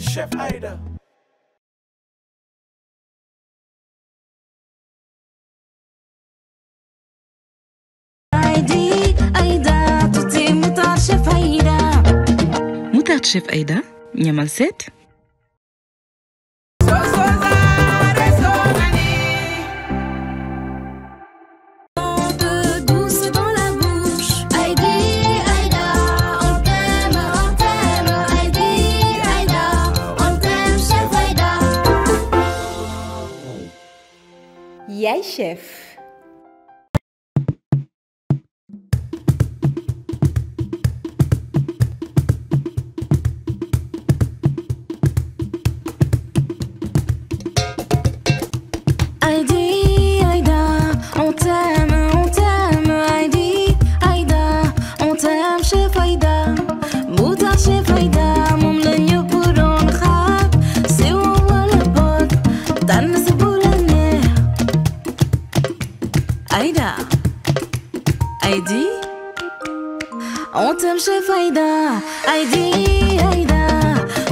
Chef Ada. متعت شيف أيدا؟ نعمل سيت؟ Aliás, chefe. Haidi Ontem și faida Haidi, haida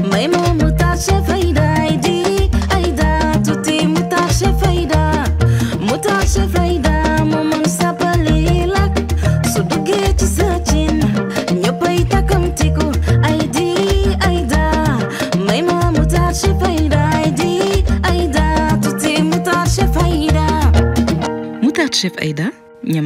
Mai m-am mutat și faida Haidi, haida Tu te mutat și faida Mutat și faida Mă mă sa pălilac Să duge ce să cin Ne păita cam ticu Haidi, haida Mai m-am mutat și faida Haidi, haida Tu te mutat și faida Mutat și faida? Не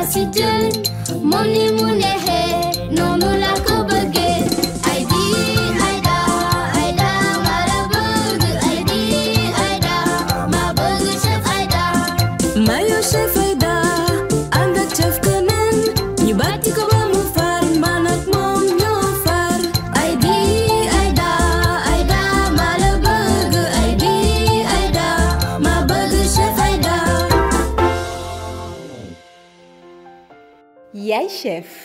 Money, money, Munehe, Nomu. chef.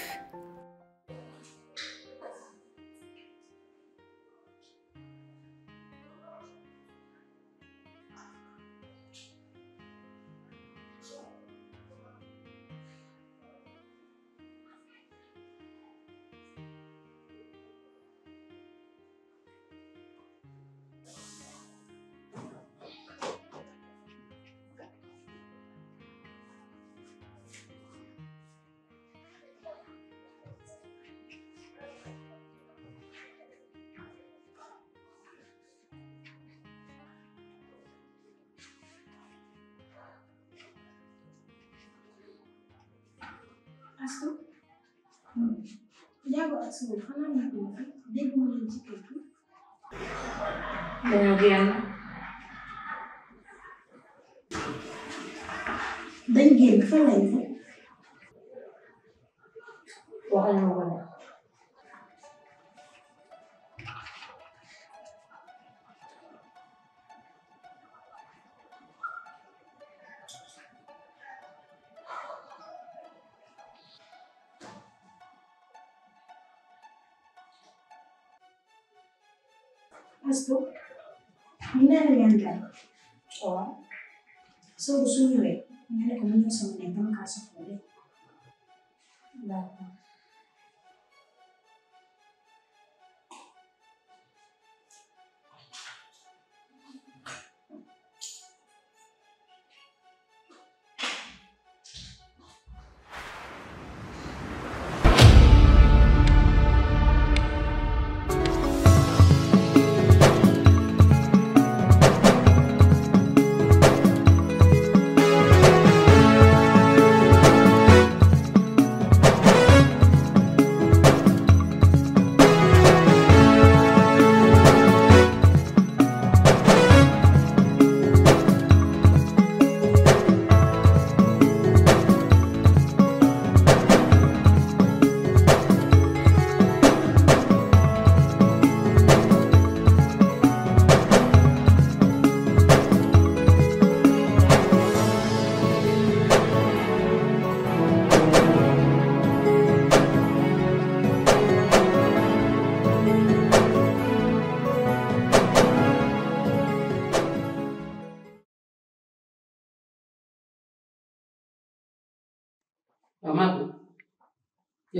Astou Diago ak Sow xanaa nekk na fi dégguma leen ci kër gi. dañoo génn. dañ génn fan lañ ko. waxal ma ko 有什么地方开始好的？来。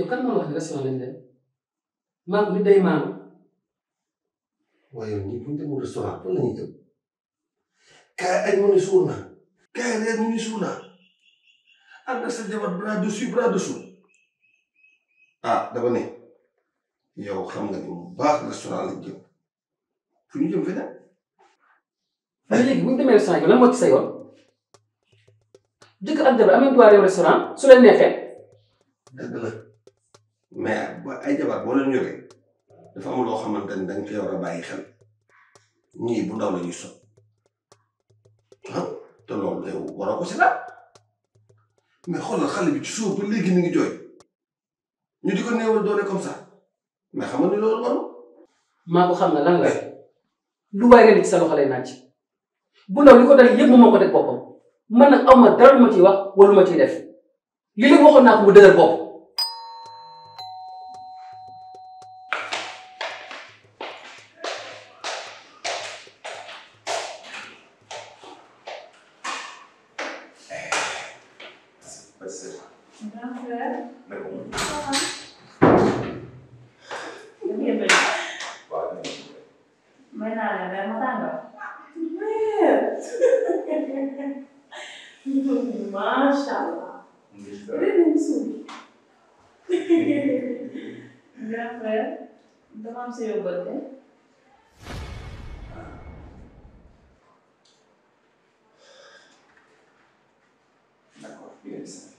yow kan moo la wax ne restaurant lañ dem maag mi day maanu. waaye yow bu ñu restaurant fan la ñuy jëm kaay añ mu ne suur naa kaay reer mu ne suur naa ànd ak sa jabar bras dessus bras dessous ah dama nga ni mu baax restaurant lañ jëm fu ñu jëm feneen. mais bu ñu demee restaurant yi lan moo ci sa yoon jëkkër ak jabar am nañu droit restaurant su leen neexee. mais ay jabar boo leen yoree dafa loo xamante ni dañ koy war a bàyyi xel ñii bu ndaw la ñuy sot ah te loolu yow waroo ko si daal mais xoolal xale bi ci suuf ba léegi mi ngi jooy ñu di ko néewal doole comme ça mais xam nga ni loolu waru. maa ko xam nga lan la lu ko dal ko def boppam man nag aw ma dara ciy wax wala lu ma ciy def li lépp waxoon naa ko mu dëgër bopp. years.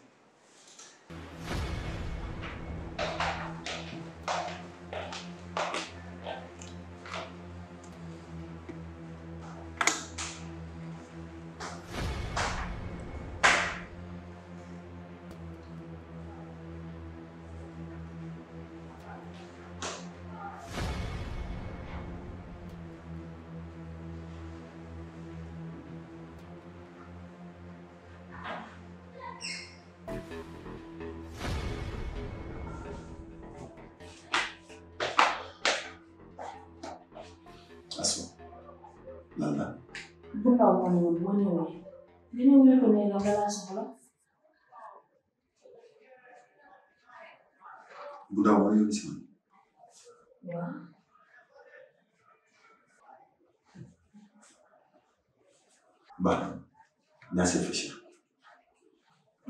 Nana. Bọ́lá ọmọ ni mo ní rẹ̀. Nínú ìwé kò ní ìlọ́gbà lásán lọ. Bọ́lá ọmọ ni mo ti mọ̀. Wà. Bàbá, ní àṣẹ fẹsẹ̀.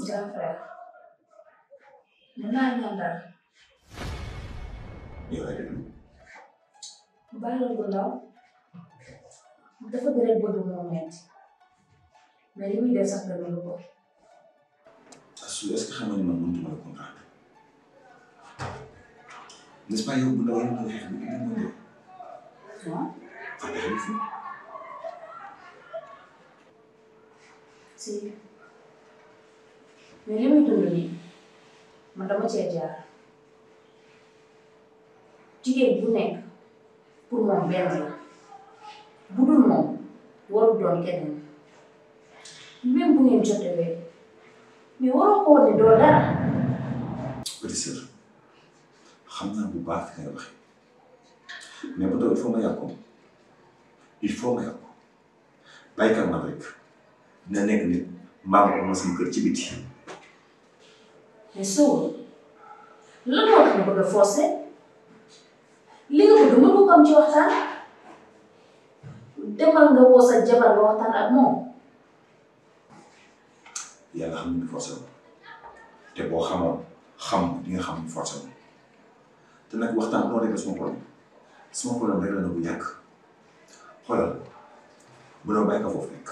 Jáfẹ́, mo náà ní ọ̀dà. Yọ̀ọ́ ẹ̀rọ. Báyọ̀ lọ lọ́wọ́. dafa gëral bëgg moo metti mais li muy def sax dana lu ko. Asou est-ce que xam nga ni man mu ñëw. si mais li muy man dama cee jaar jigéen bu nekk pour moom benn bu dul warul doon keneen même bu ngeen jotewee mais waroo ko wane doo dara. bëri sër xam naa bu baax fi ngay waxee mais bu doon il faut ma yàqu il faut ma yàqu baykat nekk nit mbaam ko ma kër ci biti. mais soo lan moo tax nga bëgg a forcer li nga bëgg mën am ci demal nga woo sa jabar nga waxtaan ak moom. yàlla xam ni forcé te boo xamoon xam di nga xam ni te nag waxtaan noo demee sama problème sama problème rek la na bu ñàkk xoolal mënoo bàyyi ko foofu nekk.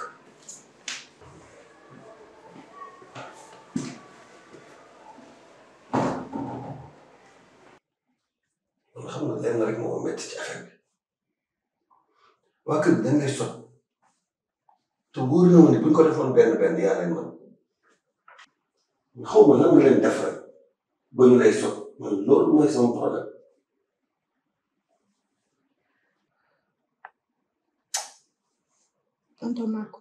xam nga lenn rek moo métti ci waa kër bi dañ lay sot te wóor na ma ne bu ñu ko defoon benn benn yaa leen man xaw ma lan leen def rek ba ñu lay sot man loolu mooy sama problème. tonton Marco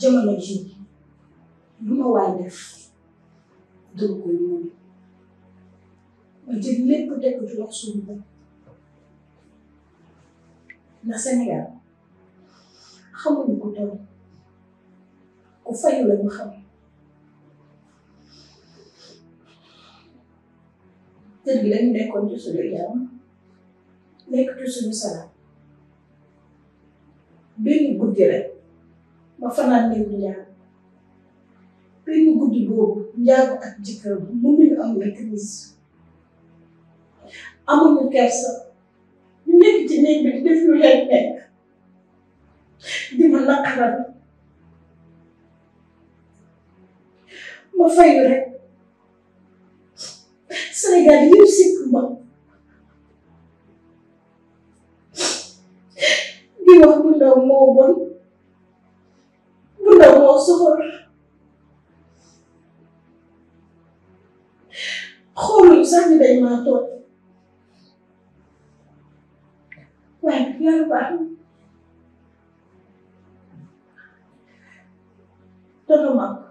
jamono ji lu ma waay def dëgg ko moom ma jël lépp teg ko ci wax suñu bopp ndax Sénégal xamuñu ko ku fayu la ñu xam kër gi lañu nekkoon ci suñu yaram nekk ci suñu salaam benn guddi rek ma fanaan néegu njaag benn guddi boobu njaagu ak jëkkër bu mënuñu am maîtrise amuñu kersa nekk ci néeg bi di def di ma naqaral ma fayu rek Sénégal yëpp sikk ma di wax bu ndaw moo bon bu ndaw moo soxor xooluñu sax ni dañ maa toog wajar banget. Tolong aku.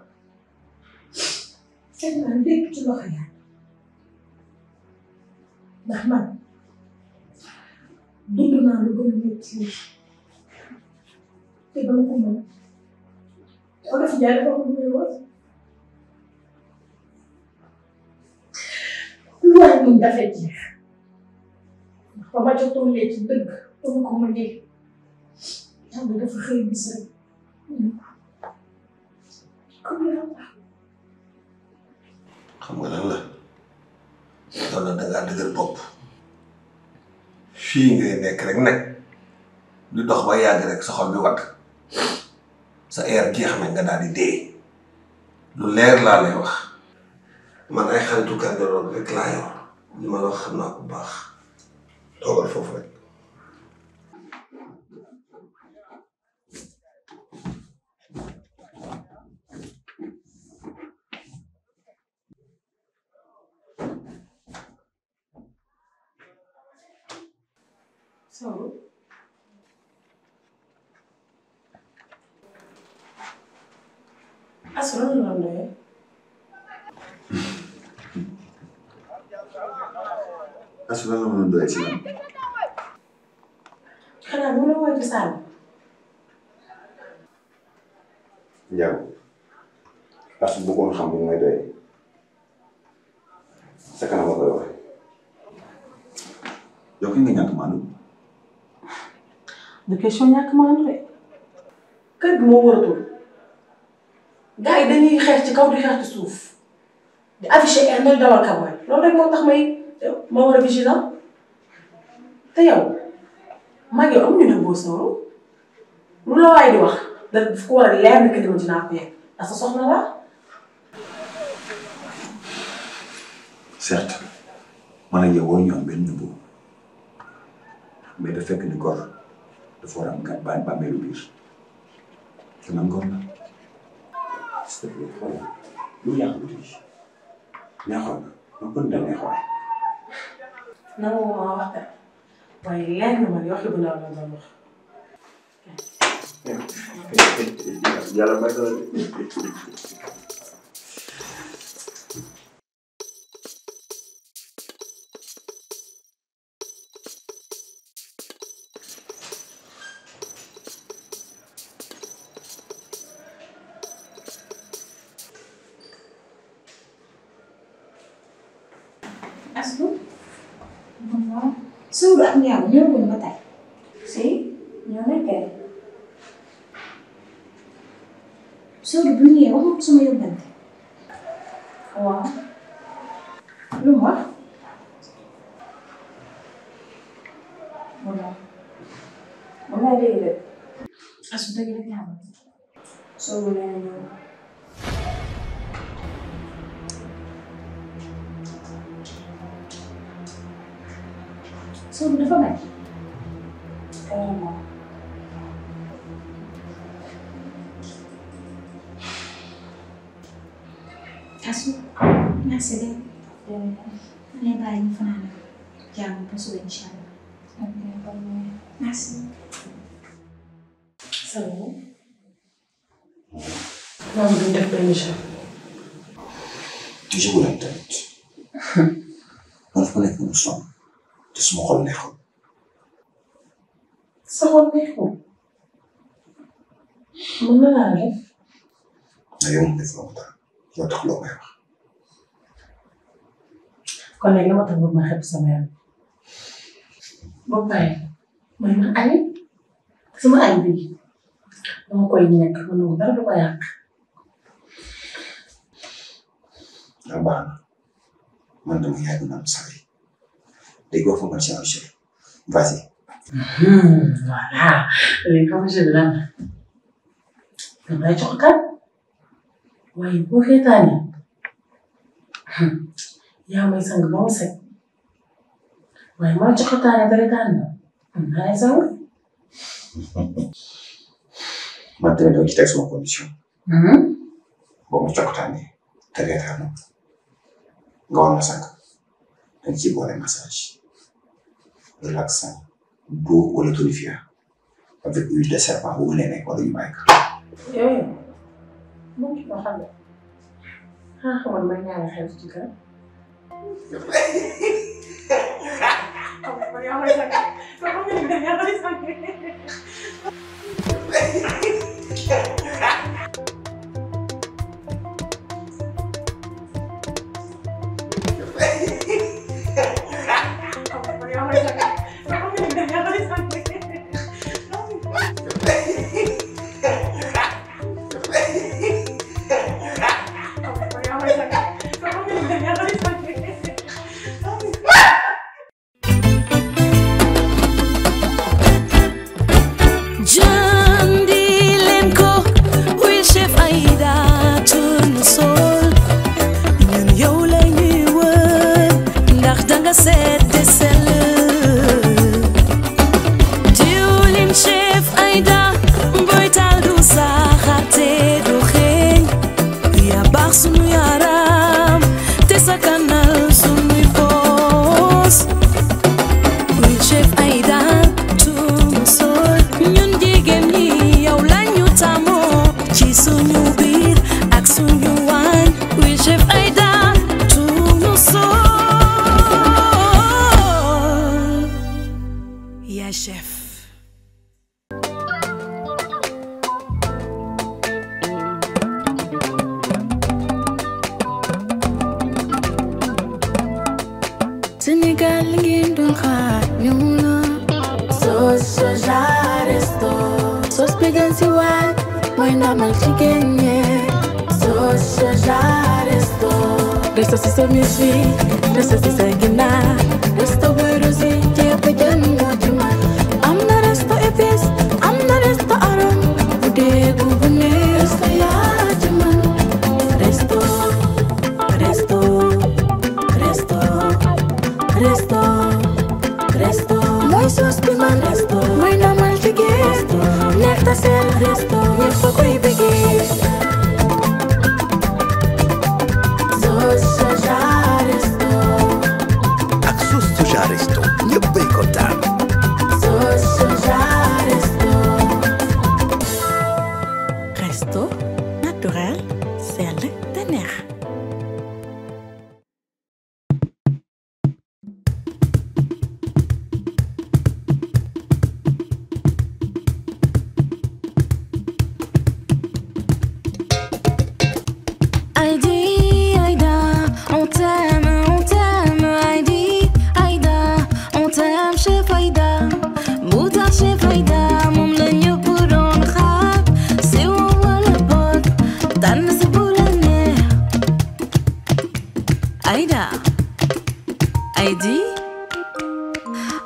Saya nanti kecelakaan. Rahman, duduk nalu gue ngerti. Tiba lu kumel. Orang sejarah kok kumel Luar minta saja. ba ma jotulee ci dëgg pour ko xëy bis xam nga lan la yow dëgër bopp fii ngay nekk rek nag lu dox ba yàgg rek sa xol bi wadd sa air jeex na nga daal di dee lu leer laa lay wax man ay xaritu kàddu rek laa yor li ma la wax xam naa ko baax Dollar for free. So, as running on asalamu alaikum da islam kana nuna wai ta sani yaw as bëggoon xam li may doy sa kanam ma koy wax yow ki nga ñàkk maandu du question ñàkk maandu de kër gi moo waratul gars yi dañuy xeex ci kaw di xeex ci suuf di affiché ay ndel dawal kaboy loolu rek moo tax may ma war a vigilant te yow mag yow amuñu dem boo sawru lu la waay di wax daf ko war a leer ni que ni ma dinaa ko yegg ndax sa soxna la. man ak yow waruñu benn nëbbu mais da fekk ni gor dafa war a am gàtt baa bàmmeelu biir te man gor la. c'est vrai voilà lu yàqu tuuti neexoon na ma bëgg na neexoon. nanguwuma wax dara waaye leer na man wax dëgg laa la doon wax. yàlla may Non è vero. Aspetta che la chiamo. Sto volendo. Sono una famiglia. Calma. Asu, nasce bene? Bene. Non è bai in fanale. Chiamo, posso vincere. Ok, eh, va bene. مع السلامة سلام نعم بدك بالنجاح تجول انت عارف مالك من اصلا تسمو قلنيخو تسمو قلنيخو ما نعرف اليوم في المقطع لا تخلو معه كنا اليوم تغلب ما خبصة معه بابا man ma añi sama añ bi koy nekk man ma dara du ko yàq. waaw ah, man dama yaay ma am sori léegi wax nga monsieur monsieur vas-y. Hmm, voilà léegi monsieur bi lan dama lay jox hmm. yaa may sang ba mu set waaye maa man tamit dama ci teg sama condition. boo ma cokkitaanee te reetaan nga war ma sànq dañ ciy boole massage relaxant doux wala tonifiant avec huile de serpent bu leneen wala ñu bàyyi ko. yooyu moom ci xam ne ah xamal ma ñaari xel ci kan. そこで、ね、やばいさんね。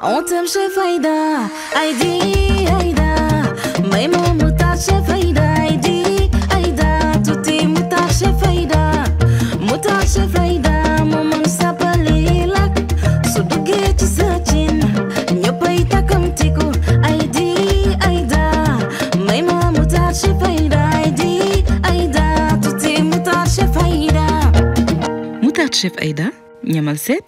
Autem ce fai da, ai di, ai da Mai mă muta ce fai da, ai di, ai da Tu te muta ce fai da, muta ce fai da Mă mă sa pe lilac, su tu gheți să cin Nu păi ta cam ticu, ai di, ai da Mai mă muta ce fai da, ai di, ai da Tu te muta ce fai da Muta ce fai da, Nu am alset?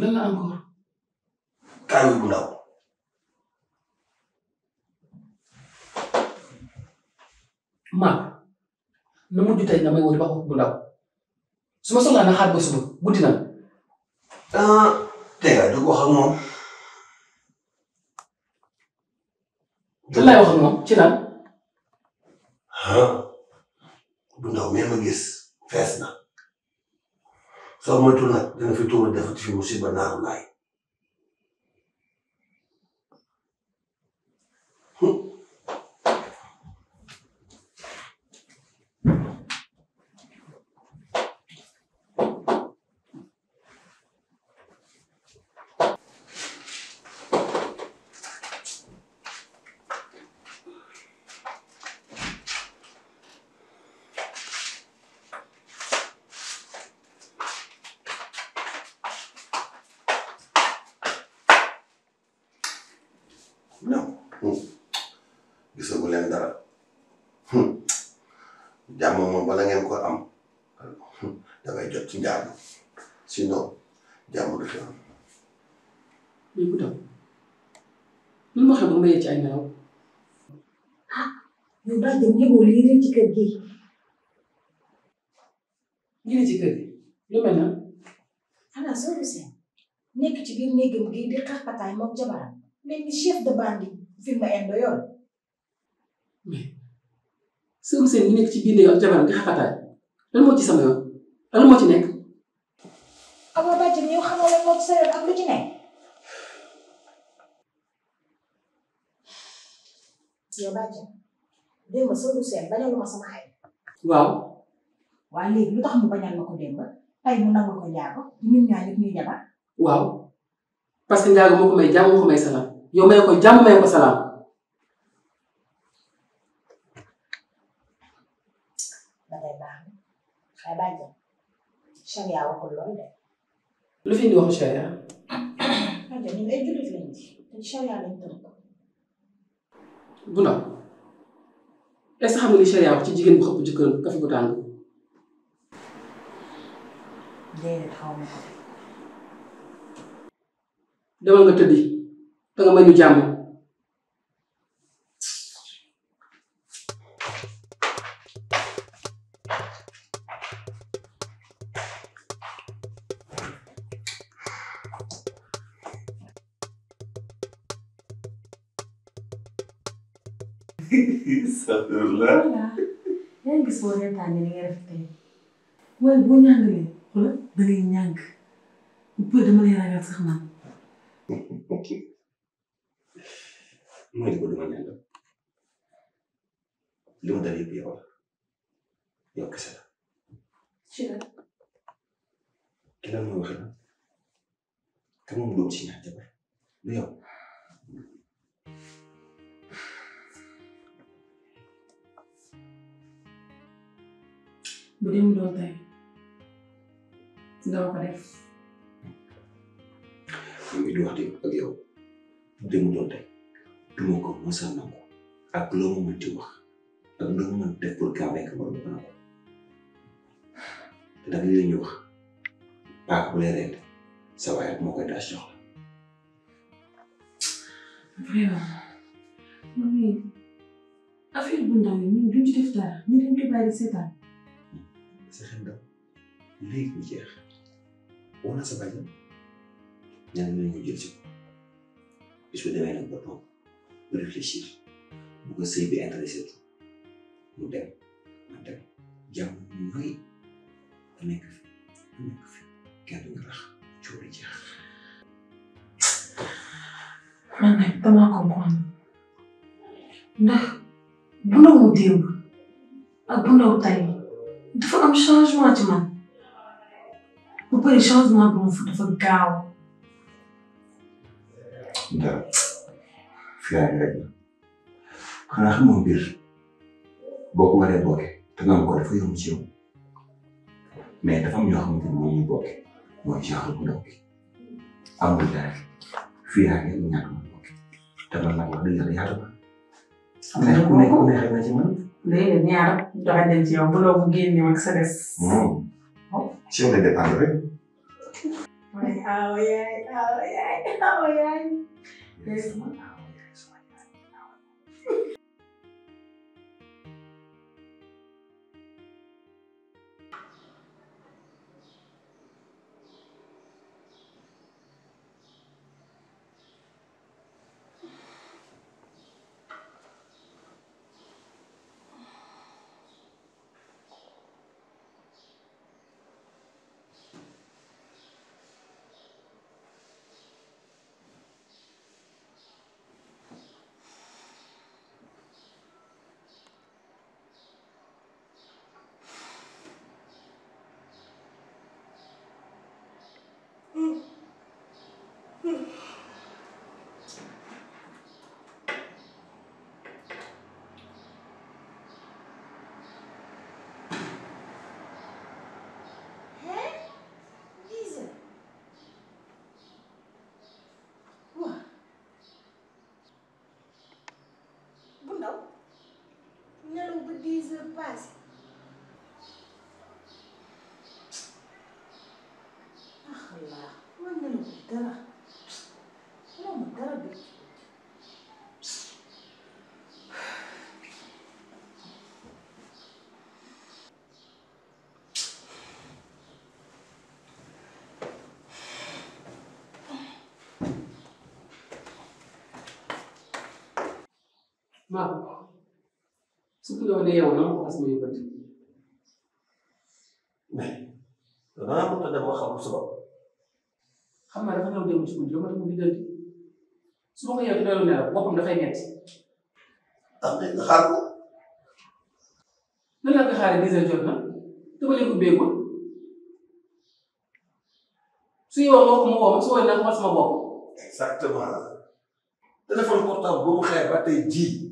lan la encore. kàngu bu ndaw. maag nu mujj may woo ba bu ndaw su ma soxlaa na xaar ba suba guddi na. ah tey nga dugg wax ak moom. lan laay wax ci lan. ah bu ndaw ma gis fees na. soo moytuwul nag dina fi tuuma def ci musiba naaru laay leen dara hmm. jàmm moom bala ngeen ko am dangay jot ci njaabu sinon jàmm du fi am. lii bu taw lu ma xam ma yee ci ay naaw. ah yow daa jëm yëgoo lii ci kër gi. lii ci kër gi lu mel na. xanaa soo seen nekk ci biir néegam gi di xaxataay moom jabaram mel ni chef de bande film indo sëru seen ñu nekk ci biir ak jabar nga xaqataay lan moo ci sama yoon lan moo ci nekk. Awa Badiane yow xamoo lan moo ci sa yoon ak lu ci nekk. yow Badiane démb sëru seen bañalu ma sama xay. waaw. waa léegi lu tax mu bañal ma ko démb tey mu nangu ko njaago ñun ñaa ñëpp ñuy jabar. waaw parce que njaago moo ko may jàmm moo ko may salaam yow may ko jàmm may ko salaam. charia waxul loolu de. lu fi indi waxu charia. rajo ñun ay jullit lañ ci te charia lañ tënk. bu ndaw est-ce que wax ci jigéen bu xëpp jëkkëram kafe bu tàng. déedéet xaw ma demal nga tëddi te nga may ñu jàmm. yaa ngi gis boo reetaane li nga def tey mooy boo ñàngalee xula da ngay ñàng bu dama lay ragal sax man mooy li ko dama ne la li ma dal yëpp yow la yow kese la ci la ki la mooy wax la kan moom doom si ñaar jabar du yow bu dem doon tey dama ko def. xam nga li wax de ak tey du ma ko mos a nangu ak loo ma mënti wax ak loo ma mën def pour convaincre te nag li la ñu wax paak bu ak moo koy daas jox la. vraiment mami affaire bu ndaw yi ñun duñ ci def dara sa xel dal léegi jeex woo naa sa bàyyi la ñu ñu jël si ko bis bu demee nag ba toog réfléchir bu ko mu dem ma dem jàmm ñooy da nekk fi kenn du nga tax coow li jeex. man nag damaa ndax bu ndaw mu démb ak bu ndaw tay dafa am changement ci man bu pare changement bi moom dafa gaaw. dara fiyaange rek la xanaa xamoo mbir boo ko te nga ko dafa yomb ci yow mais dafa am ñoo xamante ni moom ñu bokke mooy genre bu ma bokke te ma. am na ku nekk ku léegi ñaar joxe nañ ci yow bu loo bu génne ak sa des. si yow lay dépendre rek. waaye awa yaay awa yaay awa yaay. bu ndaw nelaw ba 10 heures passées ما سكلو عليا ولا خاص ما يبدل نعم انا مقدم واخر بسرعه xam naa dafa ñëw dem ci guddi ba mu digal su ma ko yàgg dalu nelaw boppam dafay nett am na nga xaar ko nan la nga xaaree dix heures jot na dama leen ubbee ko su yow wax ma woo su woon nag ma sama bopp exactement téléphone portable boobu xeer ba tey jii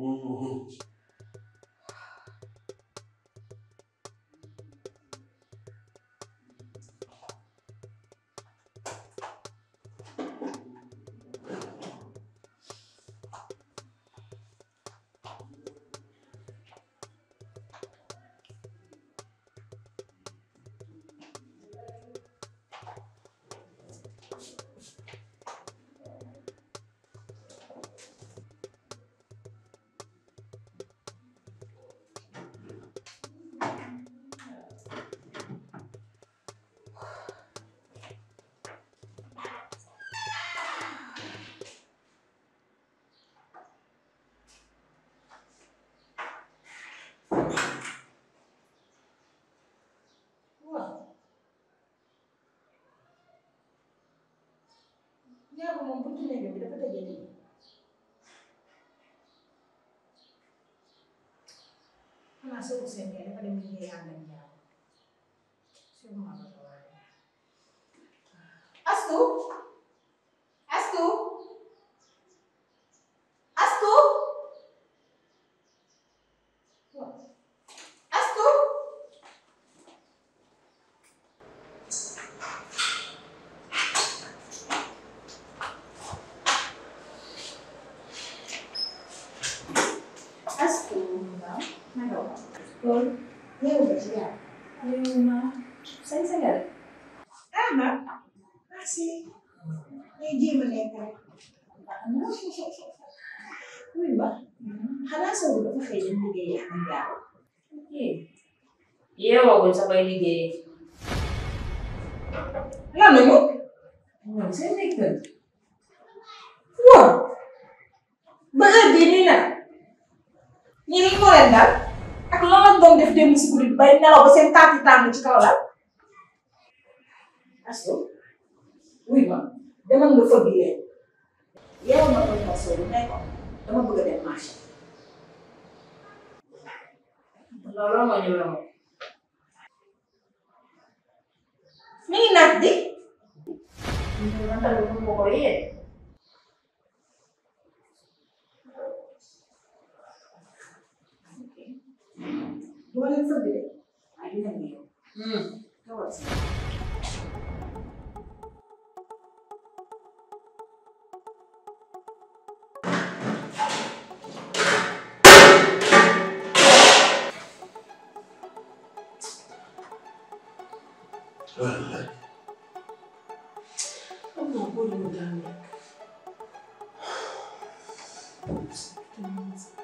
mm-hmm. buntu néegam bi dafa tëjee tëj xanaa soo ko seen yaay dem liggéey ànd ak Saya saya ah Anak masih Eji mereka. Wih bah, hana sau da kuka yi da ya an Iya Yawa sampai saba yi da ya. Na nemo? ne kan. Wa, Berarti a gini na. Ni ni ko yanda, ak lolak dom def dem ci guddi bay nelaw ba seen ci kaw la. aso o u y ma demal nga fëgg yee yeewal ma koy morceau bi ne ko dama bëgg a dem m a r c h a looloo ma ñu lool a i ngi naaj di man tamit bu ma ko yee bu ma leen o ë g g de waaye dina ñëw I'm what do you want, Dominic?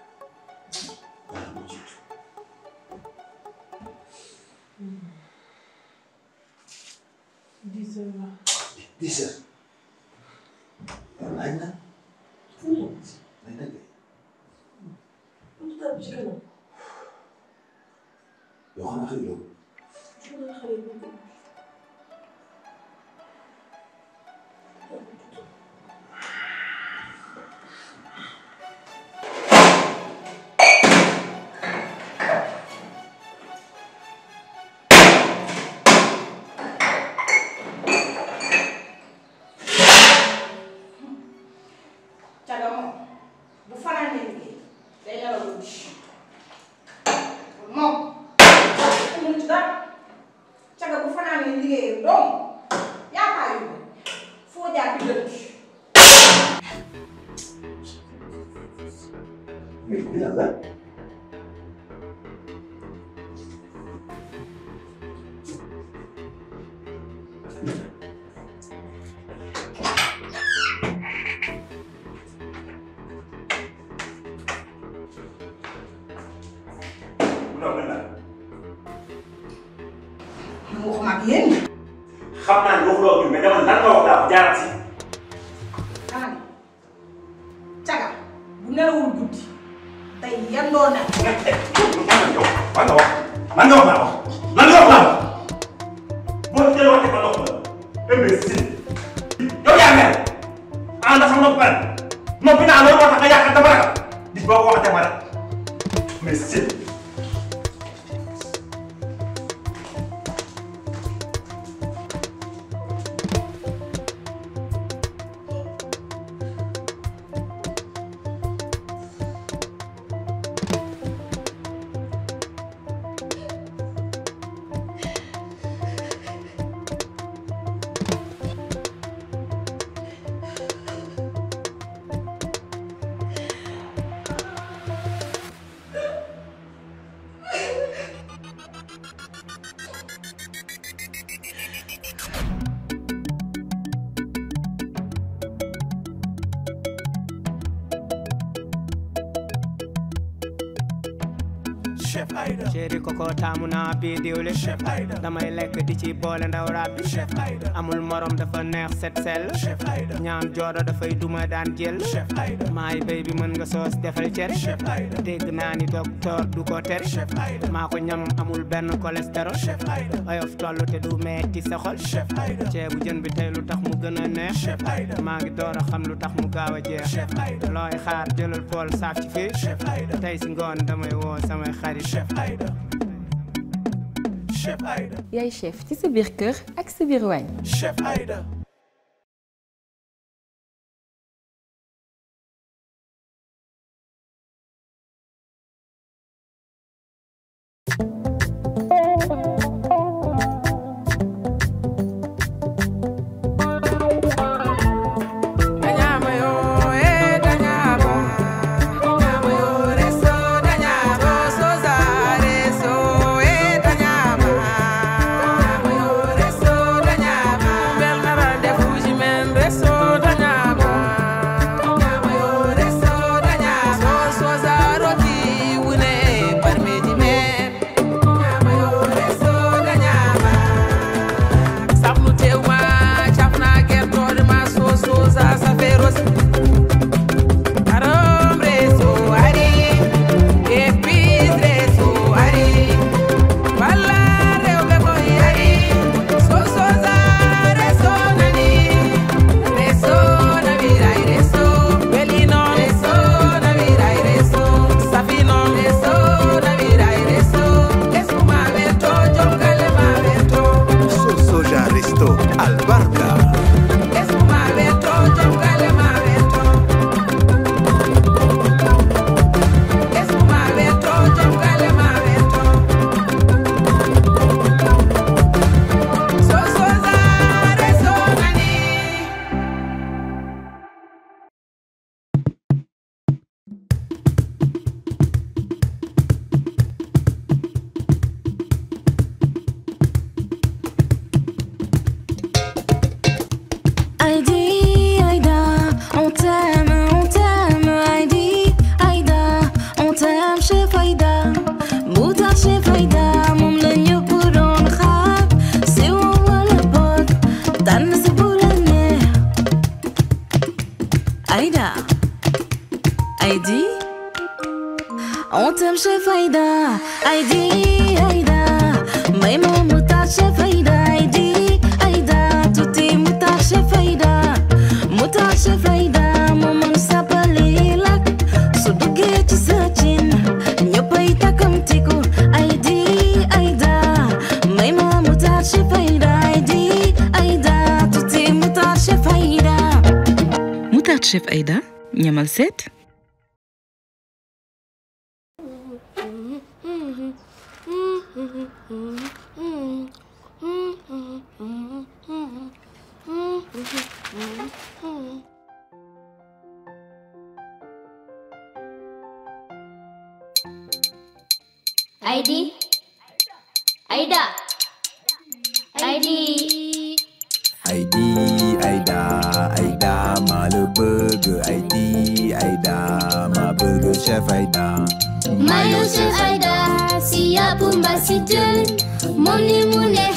Thank you. chéri koko taamu naa bii diwli damay lekk di ci bi chef rab amul morom dafa neex set sell ñaam joodo dafay duma daan jël maay béy bi mën nga soos defal chef dégg Deg ni docteur du ko ter maa ko ñam amul benn cholestérol oyof toll te du metti sa xol bu jën bi tey lu tax mu gën a neex maa ngi door a xam lu tax mu gaaw a jeex looy xaar jëlal pool saaf ci hider. tey si ngoon damay woo samay xarit chef Aïda. yaay chef ci is biir kër ak sa chef Aïda. thank you ID Aida ID ID Aida Aida malu burger ID Aida ma burger chef Aida Mayo chef Aida siap ya pun basi jen Moni mone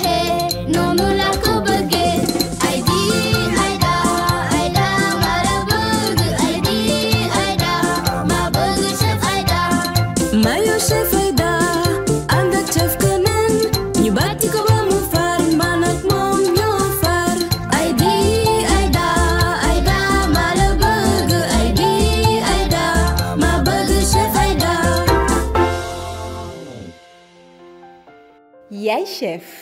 chef.